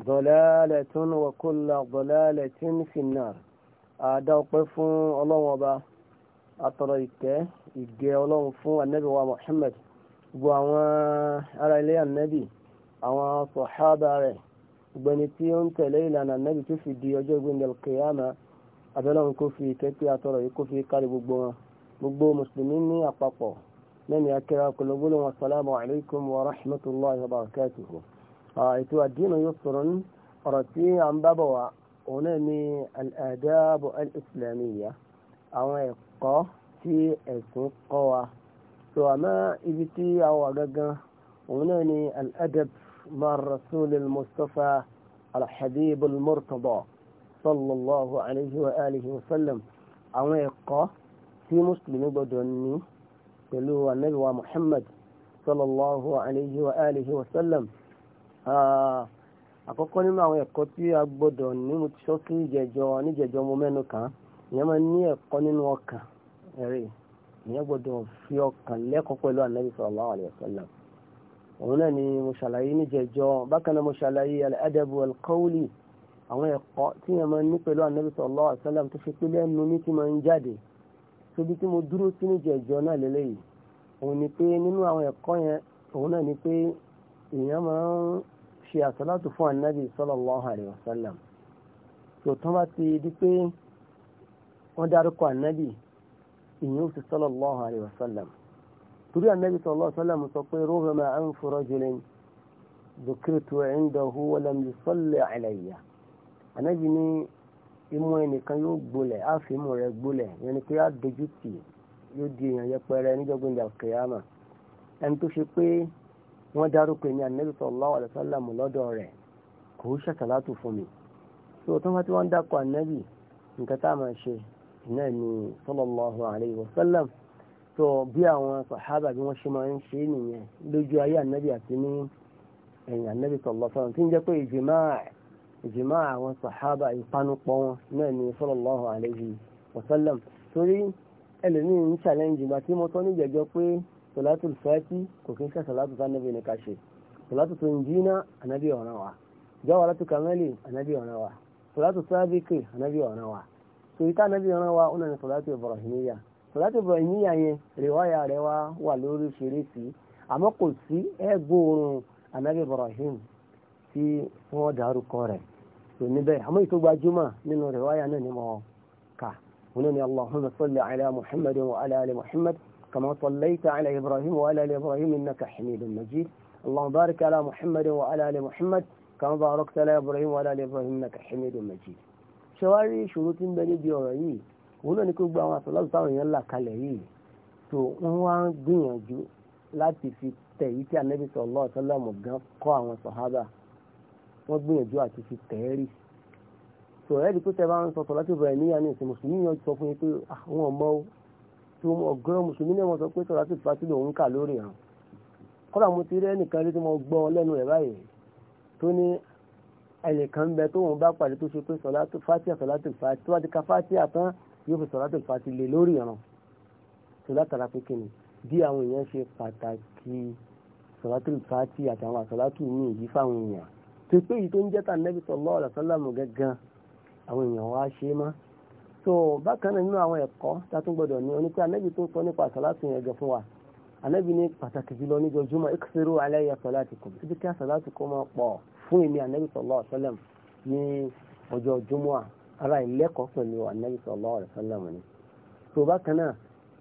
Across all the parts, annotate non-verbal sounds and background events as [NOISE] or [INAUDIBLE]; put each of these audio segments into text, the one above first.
ضلالة وكل ضلالة في النار àdá ọpẹ́ fún ọlọ́run ọba àtọ̀rọ̀ ìkẹ́ ìgẹ́ ọlọ́run fún anabi wa muhammed gbogbo àwọn ará ilé anabi àwọn sọ̀hábà rẹ̀ gbẹni tí ó ń tẹ̀lé ìlànà anabi tó fi di ọjọ́ ìgbìndẹ̀ kìyàmà abẹ́lọ́run kò fi kẹ́kẹ́ àtọ̀rọ̀ yìí kò fi kárí gbogbo wọn gbogbo mùsùlùmí ní àpapọ̀ lẹ́nu akẹ́rẹ́ akọlọ́gbọ́lọ́wọ́n salamu alaykum wa rahmatulahi wa barakatuhu ètò àdínà yóò sọ̀rọ̀ ní ọ̀rọ̀ tí a ń bábọ̀ wá òun náà ni al-adab al-islamiyya àwọn ẹ̀kọ́ tí ẹ̀sìn kọ́ wa so àmọ́ ibi tí a wà gangan òun náà ni al-adab mar rasulil mustapha al-habib al-murtada sallallahu alayhi wa alihi wa sallam àwọn ẹ̀kọ́ tí mùsùlùmí gbọdọ̀ ní pẹ̀lú anabiwa muhammad sallallahu alayhi wa alihi wa sallam àkọ́kọ́ nínú àwọn ẹ̀kọ́ tí a gbọ́dọ̀ ní mo ti sọ sí ìjẹjọ níjẹjọ mo mẹ́nu kàn ìyẹn máa ní ẹ̀kọ́ nínú ọkàn ẹ̀rẹ́ ìyẹn gbọ́dọ̀ fi ọkàn lẹ́kọ̀ọ́ pẹ̀lú ànábì sallallahu alaihi wasallam òun náà ni mo ṣàlàyé níjẹjọ bákan náà mo ṣàlàyé al-adabu al-qawli àwọn ẹ̀kọ́ tí ìyẹn máa ní pẹ̀lú ànábì sallallahu alaihi wasallam tó ṣe pé lẹ́nu ní ti máa ń jáde tóbi tí mo dúró sí níjẹjọ náà lélẹ́yìí òun ni pé nínú àwọn ẹ̀kọ́ yẹn òun náà ni pé èèyàn máa ń ṣe àsàlátù fún ànábì sallallahu alaihi wasallam tó tán bá ti di pé wọ́n dárúkọ ànábì èèyàn ó sì sallallahu alaihi wasallam torí ànábì sallallahu alaihi wasallam sọ pé rubbama anfu rajulin dhukirtu indahu wa lam yusalli alayya ànábì ní imú ẹnìkan yóò gbolẹ̀ á fi imú rẹ̀ gbolẹ̀ yẹn ni pé á dojú tì yóò di èèyàn yẹpẹrẹ níjọ́gbìn ìjà kìyàmà ẹni tó ṣe pé wọ́n dárúkọ ní anabi sallallahu alaihi wasallam lọ́dọ̀ rẹ̀ kò ó ṣàtàlátò fún mi so tó wọ́n ti wọ́n dákọ̀ anabi nǹkan tá a máa ṣe náà ni sallallahu alaihi wasallam so bí àwọn sàhábà bí wọ́n ṣe máa ń ṣe nìyẹn lójú ayé anabi àti ní ẹ̀yìn anabi sallallahu alaihi wasallam tí ń jẹ́ pé ìjìmá àwọn sàhábà ìpanupọ̀ wọn náà ni sallallahu alaihi wasallam torí ẹlòmíì ń challenge ìgbà tí mo salatul fati kò kí n ṣe salatu tá nàbí nìka ṣe salatu tunjina ànábì ọ̀nà wa jawaratu kamali ànábì ọ̀nà wa salatu sabiki ànábì ọ̀nà wa so ita ànábì ọ̀nà wa una ni salatu ibrahimiya salatu ibrahimiya yẹn rìwáyà rẹ wá wà lórí ṣeréṣi àmọ́ kò sí ẹgbóorun ànábì ibrahim tí wọ́n kore rẹ̀ so níbẹ̀ àmọ́ ètò gbajúmọ̀ nínú rìwáyà náà ni mo kà wọn ni allahumma salli ala muhammadin wa ala ali muhammad كما صليت على إبراهيم وعلى آل إبراهيم إنك حميد مجيد اللهم بارك على محمد وعلى آل محمد كما باركت على إبراهيم وعلى آل إبراهيم إنك حميد مجيد ṣẹwárí ìṣòro tí ń bẹ níbi ọ̀rọ̀ yìí òun náà ni kó gba àwọn àtọ́lọ́sọ táwọn èèyàn là kalẹ̀ yìí tó wọ́n wá ń gbìyànjú láti fi tẹ̀ yìí tí anabi sallallahu alaihi wasallam gan kọ́ àwọn sàhábà wọ́n gbìyànjú àti fi tẹ̀ ẹ́ rì tó ẹ̀rí pé tẹ bá ń sọ sọ láti bẹ̀rẹ̀ níyà ní ìsìn mùsùlùmí yẹn sọ fún yín pé àwọn ah, ọmọ tí wọn ọ̀gọ̀rọ̀ mùsùlùmí náà wọn sọ pé sọlá tó fà sí lòun kà lórí hàn kódà mo ti rí ẹnìkan rí tí mo gbọ́ lẹ́nu ẹ̀ báyìí tó ní ẹnìkan bẹ tó wọn bá pàdé tó ṣe pé sọlá tó fàtí àsọlá tó fàtí tó wá di ka fàtí àtán yóò fi sọlá tó fàtí lè lórí hàn sọlá tara pé kíni bí àwọn èèyàn ṣe pàtàkì sọlá tó fàtí àtàwọn àsọlá tó so bákan náà nínú àwọn ẹ̀kọ́ tá a tún gbọ́dọ̀ ní oní pé anábì tó ń sọ nípa àsàlátù yẹn gẹ̀ fún wa anábì ní pàtàkì jùlọ níjọ júmọ́ iksiru alayya salatikum títí kí àsàlátù kó máa pọ̀ fún èmi anábì sallallahu alaihi ní ọjọ́ júmọ́ ara ìlẹ́kọ̀ọ́ pẹ̀lú anábì sallallahu alaihi ni so bákan náà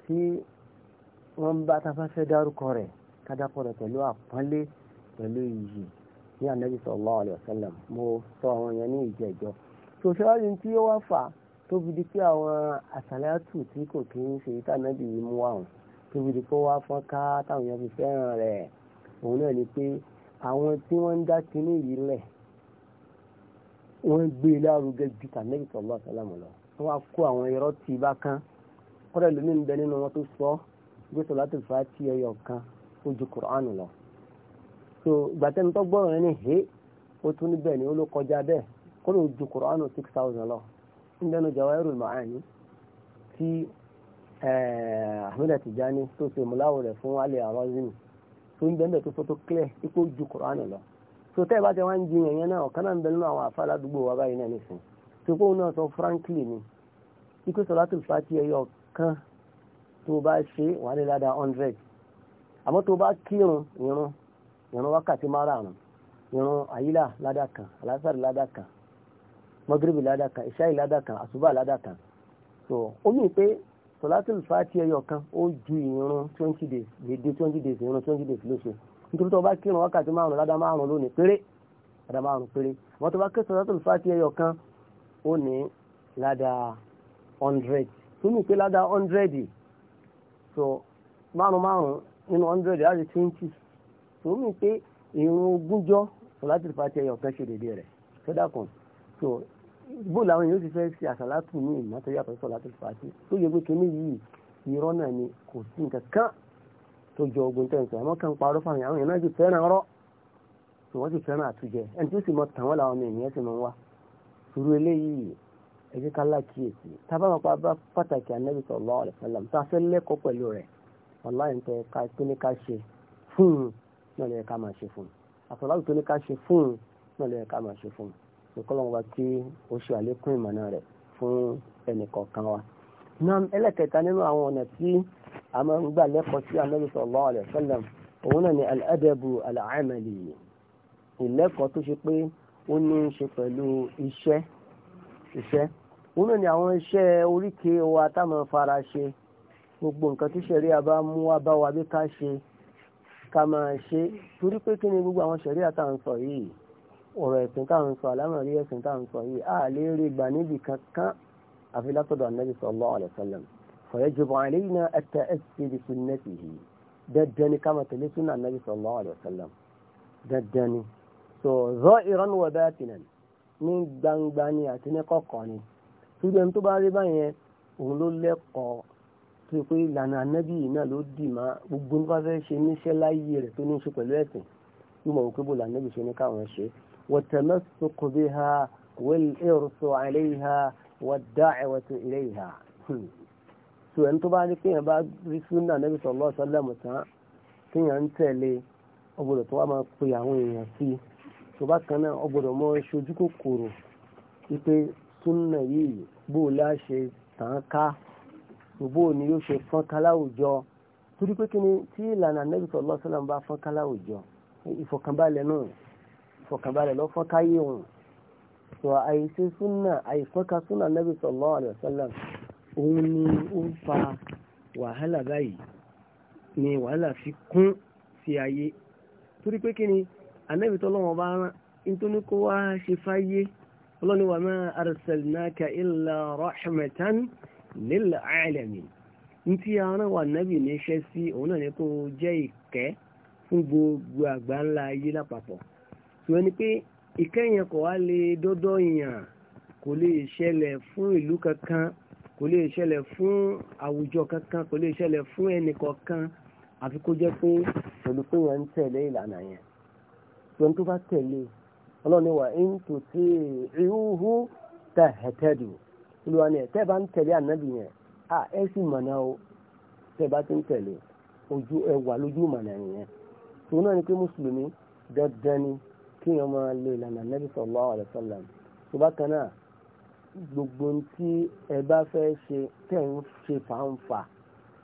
tí wọ́n bá tafẹ́fẹ́ dárúkọ rẹ̀ kádàpọ̀ rẹ̀ pẹ̀lú àpọ́nlé pẹ̀lú iyì ní anábì sallallahu alaihi wasallam mo sọ àwọn yẹn ní ìjẹ́jọ́ so ṣáájú tí ó wá fà tó fi di pé àwọn àsàlátù tí kò kí ń ṣe tànàbì yìí mú àwọn tó di pé wá fọ́n ká táwọn èèyàn fi fẹ́ràn rẹ̀ òun náà ni pé àwọn tí wọ́n ń dá kinní yìí lẹ̀ wọ́n gbé e lárugẹ ju tànàbì sallallahu alaihi wasallam lọ wọ́n wá kó àwọn irọ́ tí bá kán kọ́dà lómi ń bẹ nínú wọn tó sọ gbé sọ̀látù fàátì ẹyọ kan ó ju kùránù lọ so gbàtẹ́ni tó gbọ́ràn ni he ó tún níbẹ̀ ni ó ló kọjá bẹ́ẹ̀ kọ́dà ó ju kùránù six thousand lọ ń bẹnu Jawahirul Ma'ani tí Ahmed Tijani tó ṣe mùláwò rẹ̀ fún Ali Arazimi tó ń bẹ́ẹ̀ tó fọ́tò clear ipò ju Kùránì lọ tó tẹ́ ẹ bá ti wá ń jin ẹ̀yẹn náà ọ̀kan náà ń bẹ nínú àwọn àfa aládùúgbò wa báyìí náà nìsín tó kóun náà sọ frankly ni ikú sọ̀látù fàtí ẹyọ kan tó bá ṣe wà ní ládàá hundred àmọ́ tó bá kírun ìrun ìrun wákàtí márùn-ún ìrun àyílà ládàá kan alásàrì ládàá kan mọ́gírìbì ládà kan ìṣáì ládà kan àṣùbà ládà kan so ó pe pé sọlátìl fàtí ẹyọ kan ó ju ìrun twenty days gbèdé twenty days ìrun twenty days lóṣù nítorí tó bá kírun wákàtí márùn ládà márùn lónìí péré ládà márùn péré wọ́n tó bá kí sọlátìl fàtí ẹyọ kan ó ní ládà hundred tó mì pé ládà hundred so márùn márùn nínú hundred láti twenty tó mì pé ìrun ogúnjọ́ sọlátìl fàtí ẹyọ kan ṣe déédéé rẹ̀ sọ́dà so bó làwọn èèyàn ti fẹ́ ṣe àṣàlátù ní ìmọ̀ tó yàtọ̀ sọ̀lá tó fà á tó yẹ pé kíní yìí irọ́ náà ni kò sí nǹkan kan tó jọ ogun tẹ̀ ń sọ àmọ́ kan parọ́ fáwọn àwọn èèyàn náà ti fẹ́ràn ọ̀rọ̀ tí wọ́n ti fẹ́ràn àtújẹ ẹni tó sì mọ tàn wọ́n làwọn èèyàn sì mọ wá sùúrù eléyìí ẹ jẹ́ ká lákìyèsí tábà máa pa bá pàtàkì Ànábì sallallahu alaihi wasallam tá a fẹ́ lẹ́kọ̀ọ́ pẹ̀lú rẹ̀ wàláyé ń tẹ ká tó ní ká ṣe ìkọlọ́wọ́ wa kí ó ṣe àlékún ìmọ̀nà rẹ̀ fún ẹnìkọ̀ọ̀kan wa. nam ẹlẹ́kẹta nínú àwọn ọ̀nà tí a máa ń gbà lẹ́kọ̀ọ́ sí Ànábì sallallahu alaihi wasallam òun náà ni al-adabu al-amali ìlẹ́kọ̀ọ́ tó ṣe pé ó ní í ṣe pẹ̀lú iṣẹ́ iṣẹ́ òun náà ni àwọn iṣẹ́ oríkèé wa táwọn fara ṣe gbogbo nǹkan tí ṣẹ̀ríà bá mú wá bá wa bí ká ṣe ká máa ṣe torí pé kí ni gbogbo àwọn ṣẹ̀ríà tá yìí ọ̀rọ̀ ẹ̀sìn táwọn sọ àlámọ̀rí ẹ̀sìn táwọn sọ yìí a lè rí gbà níbi kankan àfi látọ̀dọ̀ Ànábì sallallahu alaihi wasallam fa yajibu alaina at-ta'assi bi sunnatihi dandan ni ká máa tẹ̀lé súnà Ànábì sallallahu alaihi wasallam dandan ni so zahiran wa batinan ní gbangba ni àti ní kọ̀kọ̀ ni ṣùgbọ́n tó bá rí báyẹn òun ló lẹ́kọ̀ọ́ tó pé ìlànà Ànábì náà ló dì má gbogbo nípa fẹ́ ṣe níṣẹ́ láyé rẹ̀ tó ní í ṣe pẹ̀lú ẹ̀sìn yóò mọ̀ wípé bò lànà ìṣe ní káwọn ṣe é والتمسك بها والإرث عليها والدعوة إليها [LAUGHS] so ẹni tó bá rí kéèyàn bá rí súnà Nabi sallallahu alaihi wasallam tán kéèyàn ń tẹ̀lé ọgbọ́dọ̀ tó wá máa pe àwọn èèyàn sí i tó bá kan náà ọgbọ́dọ̀ mọ ṣojú kòkòrò wípé súnà yìí bó láṣẹ tàn ká bó ni yóò ṣe fọ́n ká ni tí fọkànbalẹ̀ lọ fọ́n káyé òun sọ àìsí súnà àìfọ́nká súnà Nabi sallallahu alaihi wasallam òun ni ó ń fa wàhálà báyìí ni wàhálà fi kún sí ayé torí pé kí ni Ànábì tọ́lọ́wọ́n bá rán nítorí kó wá ṣe fáyé ọlọ́ni wa ma arsalnaka illa rahmatan lil alamin ntí àwọn wà nábì níṣẹ́ sí òun náà ni kó jẹ́ ìkẹ́ fún gbogbo àgbáńlá ayé lápapọ̀ sọ ẹni pé ìkẹyìn kò wá lè dọ́dọ̀ yàn kò lè ṣẹlẹ̀ fún ìlú kankan kò lè ṣẹlẹ̀ fún àwùjọ kankan kò lè ṣẹlẹ̀ fún ẹnì kọ̀ọ̀kan àfi kó jẹ́ pé pẹ̀lú pé wọ́n ń tẹ̀lé ìlànà yẹn pẹ̀lú tó bá tẹ̀lé ọlọ́ni wà ń tò sí ìhúhú tẹ̀ hẹ̀tẹ́dù olùwà ni ẹ̀tẹ́ bá ń tẹ̀lé ànábì yẹn à ẹ sì mọ̀nà o tẹ̀ bá ti ń tẹ̀lé ojú ẹwà lójú mọ̀nà yẹn tòun náà ni pé mùsùlùmí dandan ni kí èèyàn máa lo ìlànà nẹ́bí sallallahu alaihi wasallam tó bá kan náà gbogbo tí ẹ bá fẹ́ ṣe tẹ̀ ń ṣe fàǹfà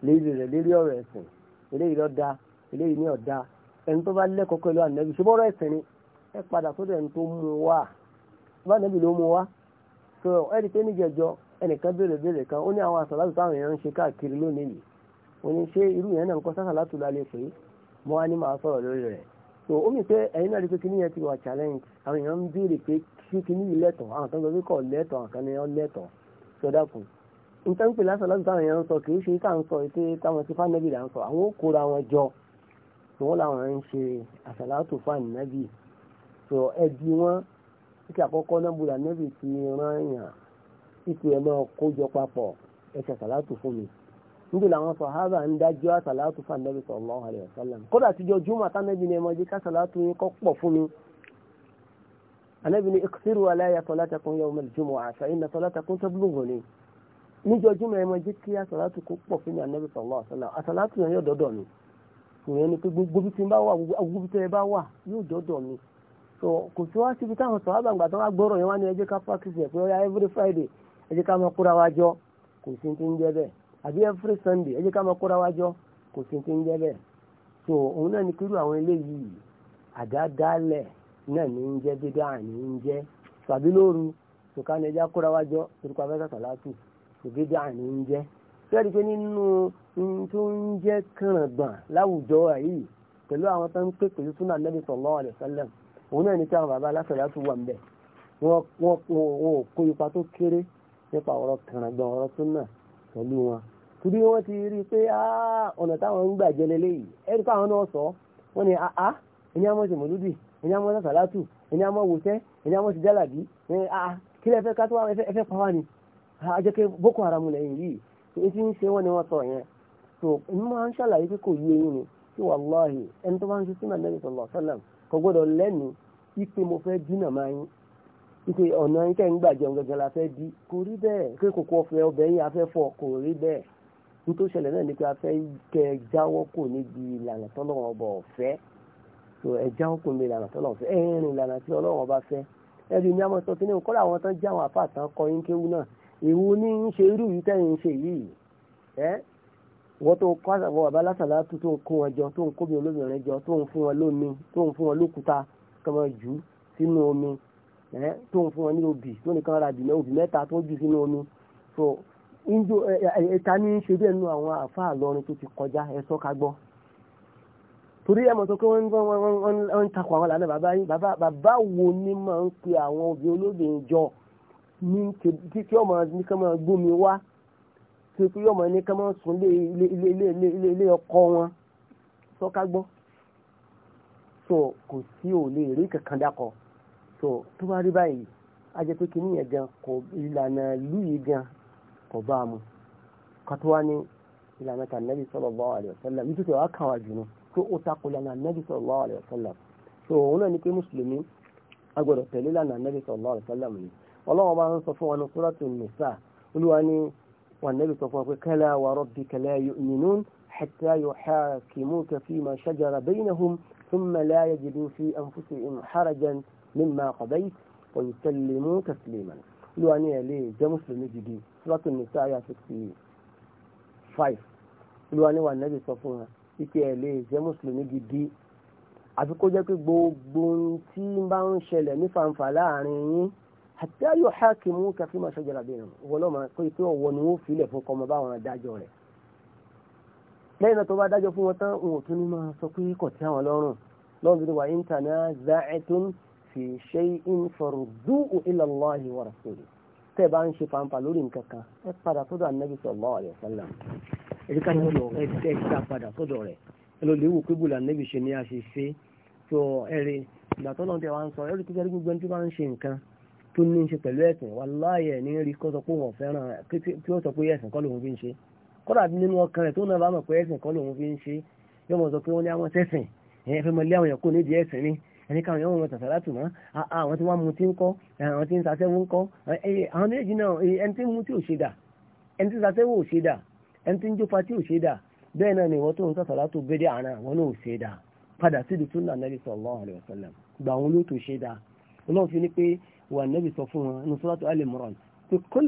lérí rẹ̀ lérí ọ̀rọ̀ ẹ̀sìn eléyìí lọ́dá eléyìí ní ọ̀dá ẹni tó bá lẹ́kọ̀ọ́ pẹ̀lú ànẹ́bí ṣe bọ́rọ̀ ẹ̀sìn ni ẹ padà sódò ẹni tó mú wá bá ànẹ́bí ló mú wá tó ẹni pé níjẹjọ ẹnìkan béèrè béèrè kan ó ní àwọn àsàlátù táwọn èèyàn ń ṣe káàkiri lónìí yìí ó ṣé irú yẹn náà ń kọ́ sásàlátù lálẹ́ pé mo wá ní màá sọ̀rọ̀ lórí rẹ̀ so o mi pé ẹ̀yin náà rí pé kíní yẹn ti wà challenge àwọn èèyàn ń béèrè pé kí kíní yìí lẹ́tọ̀ọ́ àwọn kan sọ pé kọ̀ lẹ́tọ̀ọ́ àwọn kan ní ọ́ lẹ́tọ̀ọ́ sọ dákun nǹkan pè lásán lọ́dún táwọn èèyàn ń sọ kì í ṣe tá à ń sọ ètè táwọn ti fánẹ́bì là ń sọ àwọn ó kóra wọn jọ tí wọ́n làwọn ń ṣe àṣàlátò fánẹ́bì so ẹbí wọn kí àkọ́kọ́ náà bùrà nẹ́bì ti rán èèyàn ìpè ẹ̀ máa kójọ papọ̀ ẹ̀ ṣàṣàlátò fún mi níbi làwọn sọ̀hábà ń dájọ́ àsàlátù fún ànábì sallallahu alaihi wasallam kódà tíjọ́ júmọ̀ àtànẹ́bì ni ẹmọ jẹ́ kásàlátù yín kọ́ pọ̀ fún mi ànábì ni iqsiru alayya salatakum yawm al-jumu'ah fa inna salatakum tablughuni níjọ́ júmọ̀ ẹmọ jẹ́ kí àsàlátù kó pọ̀ fún mi ànábì sallallahu alaihi wasallam àsàlátù yẹn yóò dọ́dọ̀ mi ìyẹn ni pé gbogbo bí tí ń bá wà gbogbo bí tí ẹ bá wà yóò dọ́dọ̀ mi àbí every sunday ẹ jẹ́ ká máa kóra wájọ kò sí ti ń jẹ́ bẹ́ẹ̀ so òun náà ni kírú àwọn eléyìí àdádálẹ̀ náà ní ń jẹ́ dídá àní ń jẹ́ tàbí lóru tòká ni ẹja kóra wájọ torípa fẹ́ẹ́ sàlátù kò dídá àní ń jẹ́ fẹ́ẹ́rí pé nínú tó ń jẹ́ kànràngbọ̀n láwùjọ yìí pẹ̀lú àwọn tó ń pè pẹ̀lú súnà nẹ́bí sallallahu alaihi wasallam òun náà ní kí àwọn bàbá aláṣàlátù wà ń bẹ̀ kó ipa tó kéré nípa ọ̀rọ̀ kànràngbọ̀n ọ̀rọ̀ súnà pẹ̀lú wọn torí wọ́n ti rí i pé ọ̀nà táwọn ń gbà jẹlẹ léyìí ẹ̀rí káwọn náà sọ wọ́n ní àá ẹni àmọ́ ṣe mọ̀lúdì ẹni àmọ́ sàlátù ẹni àmọ́ wòṣẹ́ ẹni àmọ́ jálàbí kí ká tó ẹfẹ́ ni àjẹkẹ́ boko haram lẹ́yìn yìí èyí tí ń ṣe wọ́n ni wọ́n sọ yẹn so èmi máa ń ṣàlàyé pé kò yé yín ni tí wàláhì ẹni tó bá ń ṣe wípé ọ̀nà yín tẹ̀ ń gbàjẹun gẹ́gẹ́ la fẹ́ di kò rí bẹ́ẹ̀ kí kòkó ọ̀fẹ́ ọbẹ̀ yín afẹ́ fọ kò rí bẹ́ẹ̀ ní tó ṣẹlẹ̀ náà ni pé afẹ́ kẹ ẹ jáwọ́ kò níbi ìlànà tọ́lọ́wọ́n ọba ọ̀fẹ́ tó ẹ jáwọ́ kò níbi ìlànà tọ́lọ́wọ́n ọ̀fẹ́ ẹ rìn ìlànà tí ọlọ́wọ́n ọba fẹ́ ẹ rí ní amọ̀tọ́ kí ní kọ́lá àwọn tán jáwọn afá àtàn kọ yín kéwú náà èwo ní ń ṣe irú yìí tẹ́yìn ṣe yìí ẹ́ wọ́n tó kọ́ àwọn bàbá lásàlá tó ń kó wọn jọ tó ń kó olóbìnrin jọ tó ń fún wọn lómi tó ń fún wọn lókúta kọ́mọ jù sínú omi ẹ tó ń fún wọn ní obì tó nìkan ra dìmẹ́ obì mẹ́ta tó jù sínú omi so injo ẹ̀ta ní ṣe bẹ́ẹ̀ nínú àwọn àfáà lọrin tó ti kọjá ẹ sọ ká gbọ́ torí ẹ mọ̀ sọ pé wọ́n ń takò àwọn làánà bàbá yín bàbá bàbá wo ni máa ń pe àwọn obì olóbìnrin jọ ní tí kí ọmọ ní ká máa gbómi wá tí kí ọmọ ní ká máa sùn lé ilé ilé ilé ilé ọkọ wọn sọ ká gbọ́ so kò sí ò lè kankan dákọ̀ọ́ so tó bá rí báyìí a jẹ́ pé kíní yẹn gan kò ìlànà ìlú yìí gan kò bá a mu kátó wá ní ìlànà kan nàbí sallallahu alaihi wasallam yìí tó ti wá kàn wá jù ní tó ó takò lànà nàbí sallallahu alaihi wasallam so òun náà ni pé mùsùlùmí a gbọ́dọ̀ tẹ̀lé lànà nàbí sallallahu alaihi wasallam ni ọlọ́wọ́n bá ń sọ fún wa ní suratu nisa olúwa ní wà nàbí sọ fún wa pé kala wa rabbika la yu'minun hatta yuhakimuka fima shajara bainahum thumma la yajidu مما قضيت ويسلموا تسليما لو أنا لي جمس مسلم جدي سورة النساء آية فايف لو أنا والنبي صلى الله عليه وسلم ike ẹ lè jẹ́ mùsùlùmí gidi àfi kó jẹ́ pé gbogbo tí ń bá ń ṣẹlẹ̀ ní fàǹfà láàrin yín àti ayò hákìmù kẹfí máa ṣọjọ́ làbẹ́ ìrìn wọn lọ́mọ pé pé ọ̀wọ́ ni wọ́n filẹ̀ fún kọmọ báwọn adájọ́ rẹ̀ lẹ́yìn náà tó bá dájọ́ fún wọn tán wọn ò tún ní máa sọ pé kò àwọn lọ́rùn lọ́rùn bíi wà íńtánẹ́ẹ̀tì fi shay'in farudduhu ila Allahi wa rasulihi tẹ́ bá ń ṣe fanfa lórí nǹkan kan ẹ padà sọ́dọ̀ anabi sallallahu alaihi wasallam èyí ká nínú ẹ tẹ́ ká padà sọ́dọ̀ rẹ̀ ẹ lọ léwu pé bùlà anabi ṣe ni a ṣe ṣe tó ẹrẹ ìgbà tó lọ́n tẹ ń sọ ẹrẹ kíkẹ́ gbogbo ẹni tó bá ń ṣe nǹkan tó ní ṣe pẹ̀lú ẹ̀sìn wallahi ní rí kọ́ ẹni káwọn yẹn wọn wọn tàṣà látù mọ́ àwọn tí wọ́n mu ti ń kọ́ àwọn tí ń sasẹ́wó ń kọ́ àwọn méjì náà ẹni tí ń mu tí ò ṣe dà ẹni tí ń sasẹ́wó ò ṣe dà ẹni tí ń jófa tí ò ṣe dà bẹ́ẹ̀ náà ni ìwọ́n tó ń tàṣà látù bẹ́ẹ̀ àná wọn náà ò ṣe dà padà sí ìdùtún náà nàbì sallallahu alaihi wasallam gbà wọn ló tó ṣe dà ọlọ́run fi ni pé wà nàbì sọ fún wọn ní suratu Al-Imran pé qul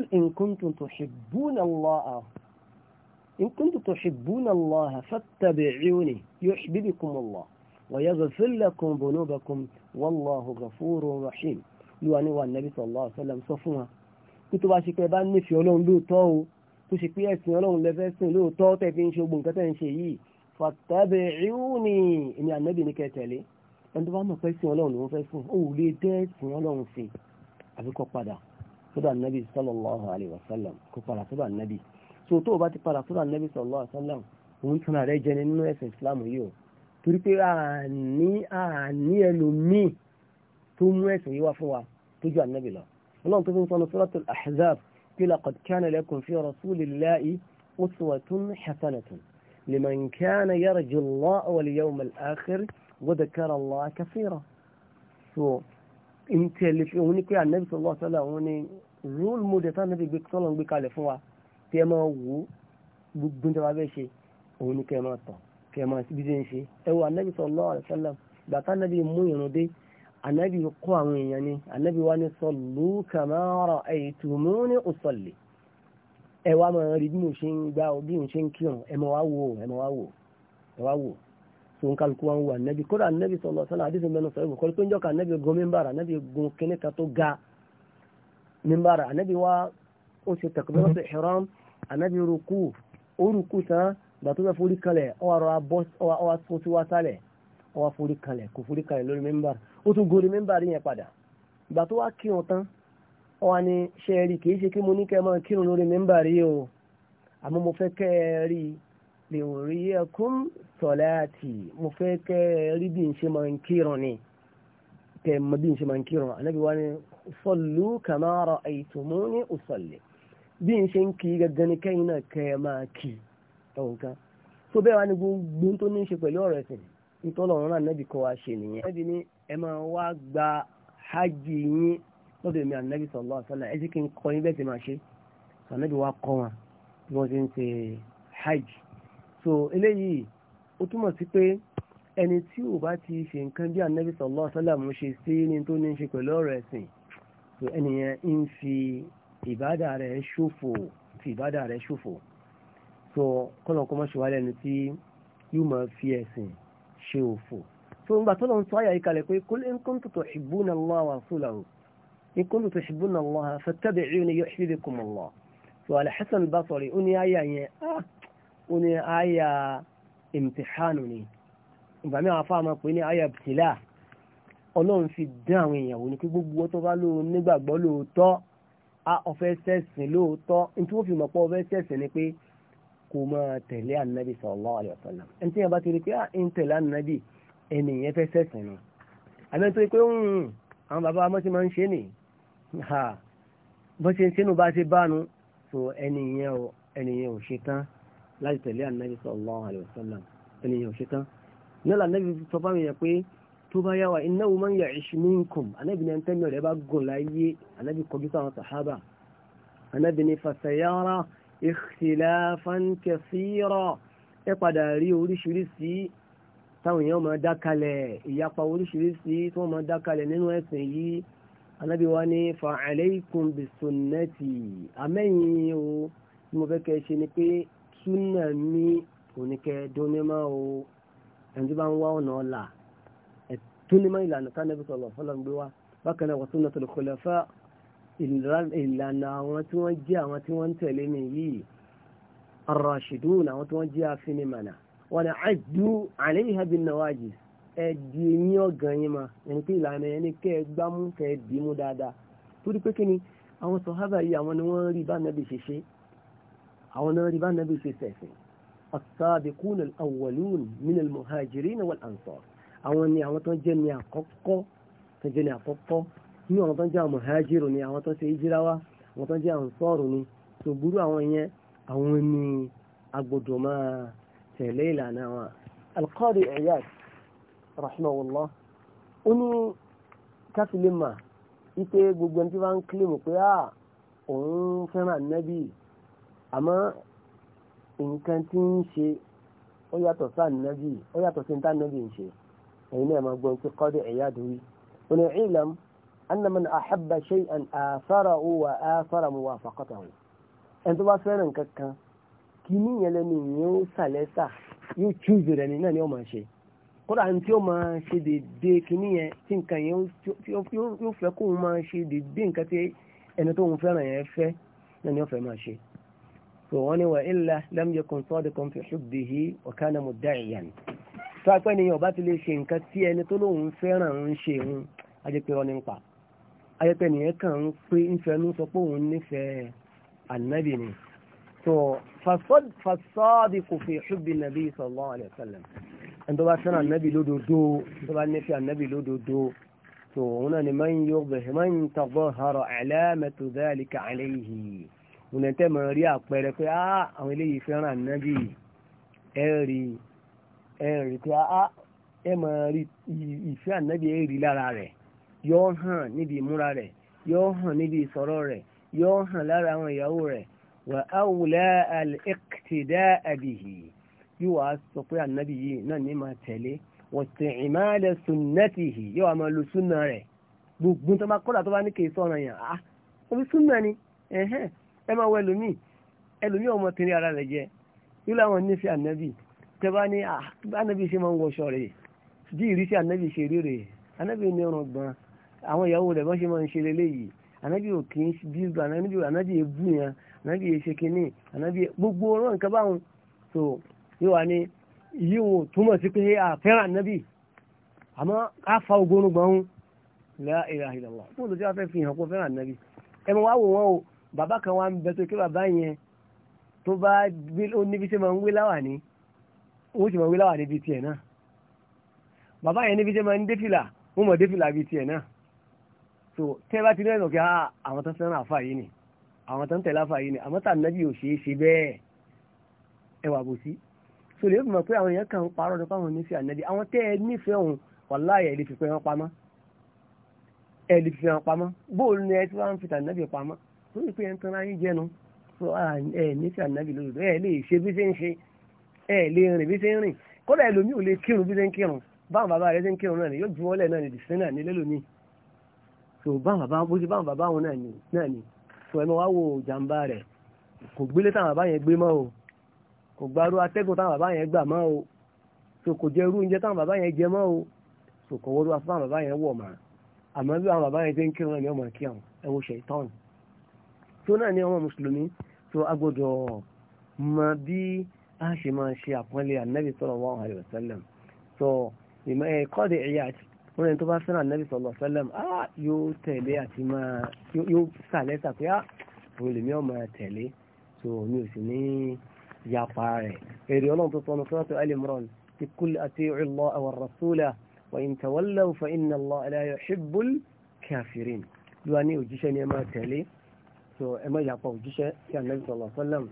ويغفر لكم ذنوبكم والله غفور رحيم ló wà níwà nàbí sallallahu alaihi wasallam sọ fún wa kí tó bá ṣe pé bá nífẹ̀ẹ́ ọlọ́run lóòótọ́ o tó ṣe pé ẹ̀sìn ọlọ́run lẹ́fẹ́ sìn lóòótọ́ tẹ̀ fi ń ṣe ogun kẹtẹ́ ń ṣe yìí fattabi'uni èmi ànábì ní kẹtẹ̀lé ẹni tó bá mọ̀ pé sìn ọlọ́run ló ń fẹ́ sìn ó lè dẹ́ sìn ọlọ́run sí àbí kó padà sọ́dọ̀ ànábì sallallahu alaihi wasallam kó padà sọ́dọ̀ ànábì tó tó bá ti padà sọ́dọ̀ ànábì sallallahu alaihi wasallam òun tún àrẹ jẹ nínú ẹ̀sìn Islam yìí o torí pé àní àní ẹlòmíì tó mú ẹ̀sìn yìí wá fún wa tó ju ànábì lọ ọlọ́run tó fi ń sọ ní suratul ahzab pé laqad kana lakum fi rasulillahi uswatun hasanatun liman kana yarju allaha wal yawmal akhir wa dhakara allaha kathira so ìtẹ̀lẹ̀ fi òun ní pé ànábì sallallahu alaihi òun ni role model tí ànábì gbé sọ́lọ́ gbé kalẹ̀ fún wa tí máa wò gbogbo tí bá fẹ́ ṣe òun ní kẹ́ máa tàn kí ẹ máa síbi tí ń ṣe ẹ anabi sallallahu alaihi wasallam bàtà anabi mú ìrun dé anabi kọ́ àwọn èèyàn ni anabi wa ni sallu kama ra'aytumuni usalli ẹ wá máa rí bí mo ṣe ń gbá o bí mo ṣe ń kírun ẹ máa wá wò ẹ wá wò ẹ wá wò tó ń kálukú wa ń wò anabi kódà anabi sallallahu alaihi wasallam àdéhùn mẹ́nu sọ̀rọ̀ kọ́ni pé ń jọ́ka anabi gun mímbàrà anabi gun kíní kan tó ga mímbàrà anabi wa ó ṣe takbiratul ihram anabi ruku ó ruku tán gbà tó fẹ́ forí kalẹ̀ ọwọ́ àrọ̀ abọ́ ọwọ́ tó ti wá sálẹ̀ ọwọ́ forí kalẹ̀ kò forí kalẹ̀ lórí mẹ́mbà ó tún gorí mẹ́mbà rí yẹn padà gbà tó wá kírun tán ọwọ́ ni ṣe rí kì í ṣe kí mo ní kẹ́ ẹ máa kírun lórí mẹ́mbà rí o àmọ́ mo fẹ́ kẹ́ ẹ rí lè rí ẹkún sọ̀láàtì mo fẹ́ kẹ́ ẹ rí bí n ṣe máa ń kírun ni kẹ́ ẹ mọ bí n ṣe máa ń kírun ànábi wá ní sọ̀lú kàmá ra'aytumuni usalli bí n ṣe ń kí gẹ́gẹ́ ni kẹ́yìn náà kẹ́ ẹ máa kí ẹ̀wọ̀n kan tó bẹ́ẹ̀ wá ní gbogbo tó ní í ṣe pẹ̀lú ọ̀rọ̀ ẹ̀sìn nítorí náà nẹ́bí kọ́ wa ṣe nìyẹn. ẹ̀bí ni ẹ máa wá gba hajj yín lọ́dọ̀ èmi ànábì sallallahu alaihi wasallam ẹ kí n kọ́ yín bẹ́ẹ̀ ti máa ṣe ànábì wa kọ́ wọn bí wọ́n ti ń ṣe hajj. so eléyìí ó túmọ̀ sí pé ẹni tí ò bá ti ṣe nǹkan bí ànábì sallallahu alaihi mo ṣe sí ní tó ní ṣe pẹ̀lú ọ̀rọ̀ ẹ̀sìn so ẹnìyẹn ń fi ìbádà rẹ̀ ṣòfò fi ìbádà rẹ̀ ṣòfò so kọ́nà kọ́ mọ́ṣẹ́ wálẹ̀ ni tí yóò máa fi ẹ̀sìn ṣe òfò so ń gbà tó lọ́n sọ ayà yìí kalẹ̀ pé kul in kuntum tuhibbuna Allah wa rasulahu in kuntum tuhibbuna Allah fattabi'uni yuhbibkum Allah so Al-Hasan al-Basri ó ní ayà yẹn ah! ó ní ayà imtihanu ni ìgbà mi àwọn afáàmà pé ní ayà ibtila ọlọ́run fi dán àwọn èèyàn wò ní pé gbogbo kó máa tẹ̀lé ànábì sallallahu alaihi wasallam ẹni tí yẹn bá ti rí pé à ah, ń tẹ̀lé ànábì ènìyàn fẹ́ sẹ̀sìn ni àmì tó pé ń hmm, àwọn bàbá amọ́sí máa ń ṣe nì ha bó ṣe ń ṣe nù bá ṣe bá nu so ènìyàn ò ènìyàn ò ṣe tán láti tẹ̀lé ànábì sallallahu alaihi wasallam ènìyàn ò ṣe tán nílà ànábì sọ fún mi yẹn pé tó bá yá wa innahu man ya'ish minkum ànábì ní ẹntẹ́mi rẹ̀ bá gùn láyé ànábì kọjú sáwọn sàhábà ànábì ní fasayara ikhtilafan kathira ẹ padà rí oríṣiríṣi táwọn èèyàn máa dákalẹ̀ ìyapa oríṣiríṣi tí wọ́n máa dákalẹ̀ nínú ẹ̀sìn yìí anábì wa ní fa alaykum bisunnati amẹ́yìn o tí mo fẹ́ kẹ́ ṣe ni pé súnà mi kò ní kẹ́ dónímọ̀ o ẹni bá ń wá ọ̀nà ọ̀la ẹ̀ ìlànà tánàbí sallallahu alaihi wasallam gbé wa bákan náà wa sunnatul khulafa ìlànà àwọn tí wọ́n jẹ́ àwọn tí wọ́n ń tẹ̀lé mi yìí ar-rashidun àwọn tí wọ́n jẹ́ afinimana wọn ni àìdú alayha bin nawajiz ẹ di eyín ọ̀gàn yín ma ẹni pé ìlànà yẹn kẹ́ ẹ gbámú kẹ́ ẹ dì mú dáadáa torí pé kí ni àwọn sọ̀hábà yìí àwọn ni wọ́n rí bá nàbì ṣe ṣe àwọn náà rí bá nàbì ṣe sẹ̀sìn as-sabiqun al-awwalun min al nínú àwọn tó ń jẹ́ àwọn mọ̀hájírò ni àwọn tó ń ṣe ìjíráwá àwọn tó ń jẹ́ àwọn sọ́ọ̀rù ni tó burú àwọn yẹn àwọn ni agbọ́dọ̀ máa tẹ̀lé ìlànà wọn. alqadi Iyad rahimahullah ó ní káfílẹ́mà wípé gbogbo ẹni tí wọ́n ń kílèmù pé à òun fẹ́ràn nẹ́bí àmọ́ nǹkan tí ń ṣe ó yàtọ̀ sáà nẹ́bí ó yàtọ̀ sí ní tá nẹ́bí ń ṣe ẹ̀yin náà máa gbọ́n pé qadi Iyad wí. ó ní ìlànà أن من أحب شيئا آثره وآثر موافقته أنت بقى فعلا كك كمين يلمين يو سالسة يو تشوزي لني نان يوم هشي kódà ní tí ó máa ṣe dédé kíní yẹn tí nǹkan yẹn yóò fẹ́ kó máa ṣe dédé nǹkan tí ẹni tó ń fẹ́ràn yẹn fẹ́ náà ni ó fẹ́ máa ṣe. tó wọ́n ní wà ilà lam yakun sadiqan fi hubbihi wa kana mudda'iyan. tó apẹ́ nìyẹn ọba ti lè ṣe nǹkan tí ẹni tó lóun fẹ́ràn ń ṣe ń ajẹ́pẹ́rọ́ nípa ayẹ́pẹ́ nìyẹn kàn ń pé ń fẹnu sọ pé òun nífẹ̀ẹ́ ànábì ni so fasọ́ọ̀dì kò fi ṣubí nàbí sallallahu alaihi wasallam ẹni tó bá fẹ́ràn ànábì lódodo tó bá nífẹ̀ẹ́ ànábì lódodo so òun náà ni máa ń yọ bẹ̀rẹ̀ máa ń tàbọ̀ ọ̀rọ̀ alamatu dhalika alayhi òun náà tẹ́ rí àpẹẹrẹ pé àwọn eléyìí fẹ́ràn ànábì ẹ̀rì ẹ̀rì pé ẹ mọ̀ rí ìfẹ́ ànábì ẹ̀rì lára rẹ̀ yóò hàn níbi ìmúra rẹ̀ yóò hàn níbi ìsọ̀rọ̀ rẹ̀ yóò hàn lára àwọn ìyàwó rẹ̀ wà áwùlá al-iqtida bihi yóò wá sọ pé ànábì yìí náà ní máa tẹ̀lé wọ́n ti ìmáàlẹ̀ sunnatihi yóò wá máa lo súnà rẹ̀ gbogbo tó bá kọ́dà tó bá ní kìí sọ̀rọ̀ yàn á omi súnà ni ẹ máa wọ ẹlòmíì ẹlòmíì ọmọ tẹ̀lé ara rẹ̀ jẹ yóò láwọn nífẹ̀ẹ́ ànábì tẹ́ bá ní ah, ànábì ṣe máa ń wọṣọ rẹ̀ bí ìrísí ànábì ṣe rí rẹ̀ ànábì ní ọ̀rọ̀ gan àwọn ìyàwó rẹ̀ bọ́n ṣe máa ń ṣe lélẹ́yìí anabi ò kì í bí ìgbà anabi ò anabi ebú yẹn anabi èṣe kínní anabi gbogbo ọ̀rọ̀ nǹkan báwọn so yóò wá ní yìí wọn túmọ̀ sí pé àfẹ́ràn anabi àmọ́ ká fa ogun gbọ̀n la ilaha illallah fún olùdí wa fẹ́ fi hàn pé fẹ́ràn anabi ẹ mọ̀ wá wò wọ́n o bàbá kan wà ń bẹ tó kí bàbá yẹn tó bá ó níbi tí máa ń wé láwà ní ó sì máa ń wé láwà níbi tiẹ̀ náà bàbá yẹn níbi tí máa ń dé ó mọ̀ dé bíi tiẹ̀ náà so tẹ́ bá ti rẹ́nu kí ah, àwọn tó fẹ́ràn àfà yìí ni àwọn tó ń tẹ̀lé àfà yìí ni àmọ́ tà nàbí ò ṣeé ṣe bẹ́ẹ̀ ẹ wà bó sí so lè fi mọ̀ pé àwọn èèyàn kan ń parọ́ nípa àwọn oníṣẹ́ ànábì àwọn tẹ́ ẹ nífẹ̀ẹ́ òun wàláhì ẹ̀ lè fi pẹ́ wọn pamọ́ ẹ̀ lè fi wọn pamọ́ bóòlù ni ẹ ti wọ́n fi tànàbì pamọ́ torí pé ẹ ń tan ayé jẹnu so ẹ nífẹ̀ẹ́ ànábì lódodo ẹ lè ṣe bí ṣe ń ṣe ẹ lè rìn bí ṣe ń rìn kódà ẹlòmíì ò lè kírun bí ṣe ń so báwọn bàbá bó ṣe báwọn bàbá wọn náà ni so ẹ mọ wá wo jàǹbá rẹ̀ kò gbélé táwọn bàbá yẹn gbé mọ́ o kò gbárù atẹ́gùn táwọn bàbá yẹn gbà mọ́ o so kò jẹ irú oúnjẹ táwọn bàbá yẹn jẹ mọ́ o so kò wọ́n wá fún àwọn bàbá yẹn wọ̀ mà àmọ́ bí àwọn bàbá yẹn ti ń kírun náà ni ọmọ kí àwọn ẹ wo ṣètọ́n so náà ni ọmọ mùsùlùmí so agbọ́dọ̀ mọ bí a ṣe máa ṣe àpọ́nlé ànábì sallallahu alaihi wasallam so ìmọ̀ ẹ̀kọ́ wọ́n rẹ̀ tó bá fẹ́ràn nẹ́bí sọ̀lọ̀ sẹ́lẹ̀m yóò tẹ̀lé àti máa yóò sàlẹ̀ sàpé àwọn èmi ọ̀ máa tẹ̀lé tó mi ò sì ní yapa rẹ̀ èrè ọlọ́run tó sọnù sọ́tọ̀ Al-Imran ti kul ati'u Allah wa rasula wa in tawallaw fa inna Allah la yuhibbul kafirin lóra ní òjíṣẹ́ ni ẹ máa tẹ̀lé tó ẹ má yapa òjíṣẹ́ sí ànẹ́bí sọ̀lọ̀ sẹ́lẹ̀m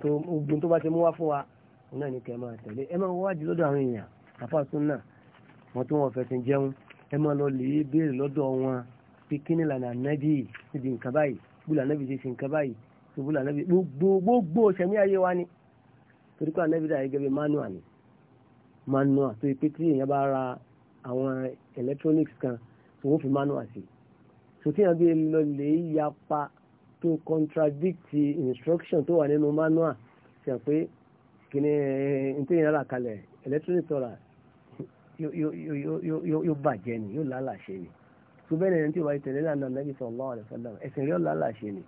tó ogun tó bá ti mú wá fún wa náà ni kẹ́ máa tẹ̀lé ẹ máa lọ́dọ̀ àwọn èèyàn àfàsúnà wọn tó wọn fẹsẹ̀ jẹun ẹ máa lọ lè béèrè lọ́dọ̀ wọn pé kí ni lànà nẹ́bí níbi nǹkan báyìí búlà nẹ́bí ṣe ṣe nǹkan báyìí búlà nẹ́bí gbogbo gbogbo ṣẹ̀mí ayé wa ni torí pé ànẹ́bí dà gẹ́gẹ́ manua ni manua tó pé tí èèyàn bá ra àwọn electronics kan tó wọ́n fi manua sí so tí èèyàn bí lọ lè yapa tó contradict instruction tó wà nínú manua ṣe pé kí ni n tí èèyàn rà kalẹ̀ electronics ọ̀rà yóò bàjẹ́ ni yóò lálàṣẹ ni tó bẹ́ẹ̀ ni tí o bá tẹ̀lé lànà nàbí sallallahu alaihi wasallam ẹ̀sìn rẹ̀ lálàṣẹ ni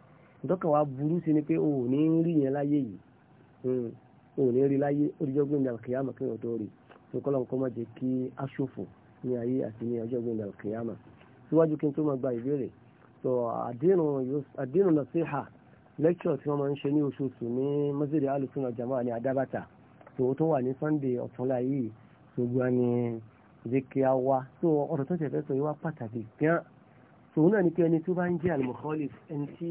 ìtọ́kàn wa burú sí ni pé o ò ní rí yẹn láyé yìí hmm, o ò ní rí láyé oríjọ́ gbẹ̀ndà kìyàmà kí o tó rí tó kọ́ lọ́nkọ́ má jẹ́ kí a ṣòfò ní ayé àti ní ọjọ́ gbẹ̀ndà kìyàmà síwájú kí n tó máa gba ìbéèrè so àdínù nasiha lecture tí wọ́n máa ń ṣe ní oṣooṣù ní masjid alusunna jama'a ní adabata tòótọ́ wà ní sunday ọ̀túnla yìí tó gbá ní ìdíkẹ́ wa tó ọ̀rọ̀ tó tẹ̀fẹ́ sọ ìwà pàtàkì gan tòun náà ní kí ẹni tó bá ń jẹ́ al-mukhalif ẹni tí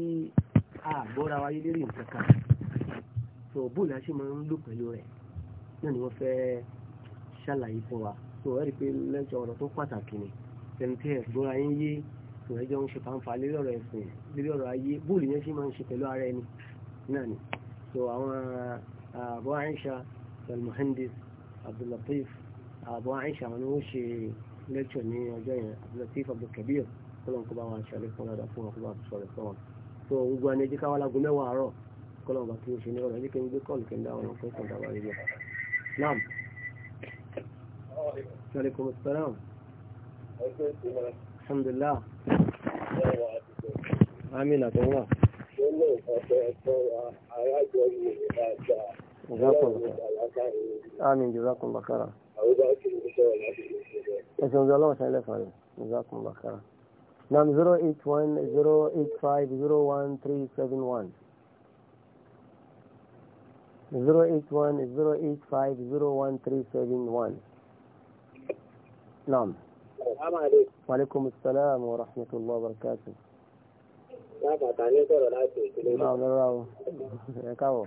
a gbọ́ra wáyé lérí nǹkan kan tó bóòlù àṣẹ máa ń lò pẹ̀lú rẹ̀ náà ni wọ́n fẹ́ ṣàlàyé fún wa tó ẹ̀rí pé lẹ́jọ́ ọ̀rọ̀ tó pàtàkì ni ẹni tí ẹ̀ gbọ́ra yín yé tó ẹjọ́ ń ṣe fanfa lérí ọ̀rọ̀ ẹ̀sìn lérí ọ̀rọ̀ ayé bóòlù àbọ̀ àìṣà wọn ni wọ́n ṣe lẹ́kṣọ̀ ní ọjọ́ yẹn abdulatif abdulkabir kó lóun kó bá wọn aṣọ àlékún lọ́dọ̀ fún wọn kó bá sọ̀rọ̀ fún wọn. tó gbogbo ẹni ẹjẹ káwọn alágún mẹ́wàá àárọ̀ kó lóun bá kí o ṣe ní ọ̀rọ̀ ẹjẹ kí n gbé kọ́ọ̀lù kí n dá ọ̀rọ̀ fún ìkọ̀dà wàrí yẹn. naam aleykum salaam alhamdulilah amina tó wà. ó lè fọṣọ ẹ̀kọ́ جزاكم الله عشان الله فعلا جزاكم الله خيرا نعم 08108501371 نعم السلام عليكم وعليكم السلام ورحمة الله وبركاته نعم نعم نعم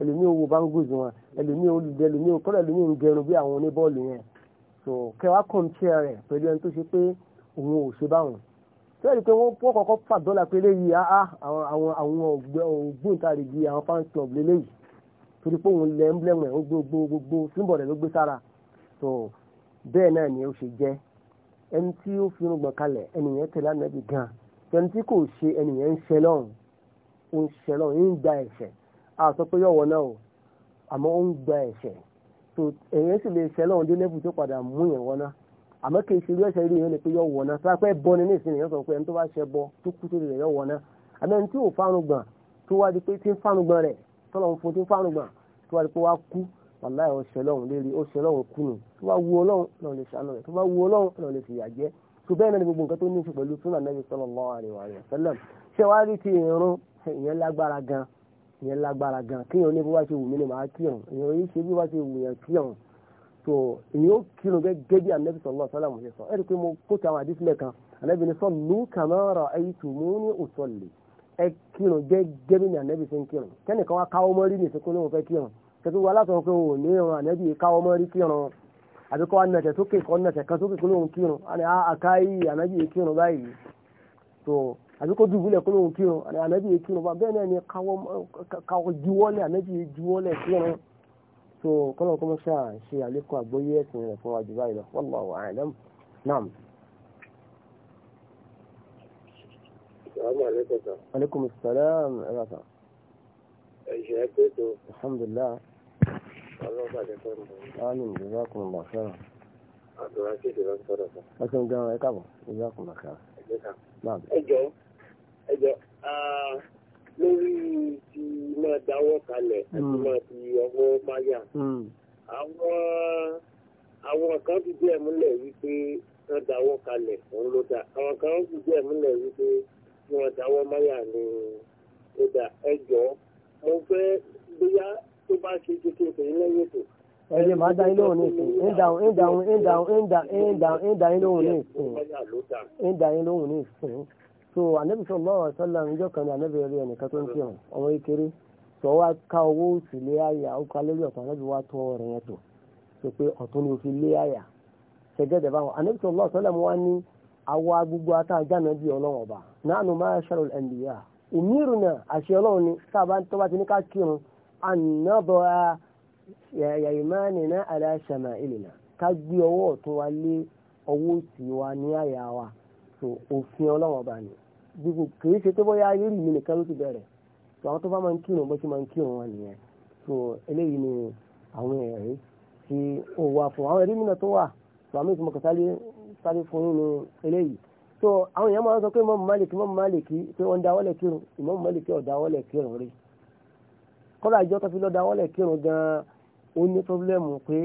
ẹlòmíì owó bangles wọn ẹlòmíì olùdẹ ẹlòmíì kọ́lá ẹlòmíì ń gẹrun bí àwọn oníbọ́ọ̀lù yẹn so kẹwàá kọ̀ǹtìẹ̀ rẹ̀ pẹ̀lú ẹni tó ṣe pé òun ò ṣe báwọn sẹ́ẹ̀rì pé wọ́n pọ́ kọ́kọ́ fà dọ́là pé léyìí áá ah, ah, àwọn àwọn ògbóǹtarìgì àwọn fan club léléyìí torí pé òun lẹ́ ń blẹ̀mọ̀ ẹ̀ ó gbogbo gbogbo símbọ̀ rẹ̀ ló gbé sára tó bẹ́ẹ̀ náà ni ó ṣe jẹ́ ẹni tí ó fi irun gbọ̀n kalẹ̀ ẹnìyẹn tẹ̀lé ànábì gan ẹni tí kò ṣe ẹnìyẹn ń ṣe lọ́run ó ń ṣe lọ́run ń gba ẹ̀ṣẹ̀ a sọ pé yọ̀wọ̀ náà o àmọ́ ó ń gba ẹ̀ṣẹ̀ tó èèyàn sì lè ṣe lọ́wọ́n dé lẹ́bù tó padà mú yẹn wọná àmọ́ kì í ṣe irú ẹ̀ṣẹ̀ irú yẹn ni pé yọ̀wọ̀ náà sọ pé bọ́ ni ní ìsinmi yẹn sọ pé ẹni tó bá ṣẹ bọ tó kú tó rẹ̀ yọ̀wọ̀ náà àmọ́ ẹni tí ò fánugbọ̀n tó wá di pé tí ń fánugbọ̀n rẹ̀ tọ́lọ̀ ń fún tí ń fánugbọ̀n tó wá di pé wá kú wàláì ọ̀ṣẹ̀ lọ́hùn lérí ọ̀ṣẹ̀ lọ́hùn kú nù tó bá wu ọlọ́hùn náà lè ṣàánú rẹ̀ tó bá wu ọlọ́hùn náà lè fìyà jẹ́ tó bẹ́ẹ̀ náà ni gbogbo nǹkan tó ní í ìyẹn lágbára gan ìyẹn lágbára gan kéèyàn ní bí wá ṣe wù mí ni màá kírun èèyàn yìí ṣe bí wá ṣe wù yẹn kírun tó èèyàn ó kírun gẹ́gẹ́ bí anabi sallallahu alaihi wasallam sọ ẹ̀rí pé mo kó ti àwọn àdísílẹ̀ kan anabi ní sallu kama ra'aytumuni usalli ẹ kírun gẹ́gẹ́ bí anabi ṣe ń kírun kẹ́nìkan wá káwọ́ mọ́ rí nìṣẹ́ kó lóun fẹ́ kírun kẹ́tù wà látọ̀ pé òun ní ìrun anabi káwọ́ mọ́ rí kírun àbí kọ́ anàtẹ̀ sókè kọ́ anàtẹ̀ kan sókè àbí kó dùbúlẹ̀ kó lóun kírun ànábì yẹn kírun bẹ́ẹ̀ náà ni káwọ́ juwọ́lẹ̀ ànábì yẹn juwọ́lẹ̀ kírun so kọ́nà kọ́mọ́ ṣáà ṣe àlékún àgbóyé ẹ̀sìn rẹ̀ fún wa jù báyìí lọ wallahu a'lam naam. salaamaleykum sir. aleykum salaam ẹ̀rọ sàn. ẹ̀ṣẹ̀ ẹ pé tó. alhamdulilah. ọlọ́run bá ti tọ́ ní. alim jazakumullah khairan. àdúrà kéde lọ sọ́dọ̀ sọ. ẹ ṣeun gan ẹ káàbọ̀ jazakumullah khairan. ẹ jọ ẹjọ́ lórí ti máa dáwọ́ kalẹ̀ àti máa fi ọwọ́ máyà àwọn àwọn kan ti díẹ̀ múlẹ̀ wípé wọ́n dáwọ́ kalẹ̀ òun ló dà àwọn kan ti díẹ̀ múlẹ̀ wípé wọ́n dáwọ́ máyà ni ó dà ẹjọ́ mo fẹ́ bóyá tó bá ṣe kékeré lẹ́yìn tó ẹni máa dá yín lóhùn ní ìsìn ń dáhùn ń dáhùn ń dáhùn ń dáhùn ń dáhùn ń dáhùn ń dáhùn ń dáhùn ń dáhùn ń dáhùn ń dáhùn so anabi sallallahu alaihi wasallam níjọ́ kan ní anabi rí ẹnìkan tó ń kírun ọmọ kékeré sọ wá ká owó òsì lé àyà ó ká lórí ọ̀tún anabi wá tọ́ ọ̀rẹ́ yẹn tó sọ pé ọ̀tún ni òfin lé àyà ṣẹgẹ́dẹ̀ báwọn anabi sallallahu alaihi wasallam wá ní awa gbogbo atájáná bíi ọlọ́run ọba nánú máa ṣàròl ẹ̀ǹdìyà ìmírùnà àṣẹ ọlọ́run ni sábà tó bá ti ní ká kírun ànábọ̀ yàyàmánìná aláṣàmà ìlìnà ká wa so òfin ọlọ́run ọba ni gbogbo kìí ṣe tó bóyá rírì mi nìkan ló ti bẹ̀rẹ̀ tó àwọn tó bá máa ń kírun bó ṣe máa ń kírun wọn nìyẹn tó eléyìí ni àwọn ẹ̀rí tí ó wà fún àwọn ẹ̀rí mìíràn tó wà tó àmì ìtumọ̀ kẹsàlẹ̀ sáré fún yín ni eléyìí tó àwọn èèyàn máa ń sọ pé Imam Malik Imam Malik pé wọ́n dáwọ́lẹ̀ kírun Imam Malik ò dáwọ́lẹ̀ kírun rí kọ́lá ìjọ tó fi lọ́ dáwọ́lẹ̀ kírun gan ó ní pọ́blẹ́mù pé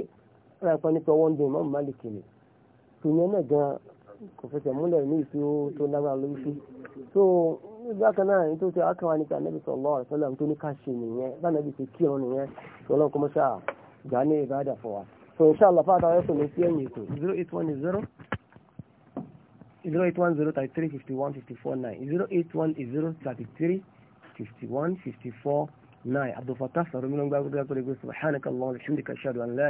ẹ̀rọ ìpẹ́ni tó wọ́n dùn Imam Malik ni tòun yẹn náà gan kò fẹsẹ̀ múlẹ̀ ní ìfi tó lágbára lórí sí so bákan náà ní tó ṣe akẹwà nípa nẹ́bí sallallahu alaihi wasallam tó ní ká ṣe nìyẹn bá nẹ́bí ṣe kírun nìyẹn tó lọ́n kọ́mọ́ ṣáà gbà ní ìbáàdà fún wa so inshallah fáta wọn kò ní sí ẹ̀yìn ètò zero eight one zero zero eight one zero thirty three fifty one fifty four nine zero eight one zero thirty three fifty one fifty four nine abdulfatah sọ̀rọ̀ mi ló ń gbàgbọ́dọ̀ gbàgbọ́dọ̀ subhanaka Allahumma wa bihamdika ashhadu an la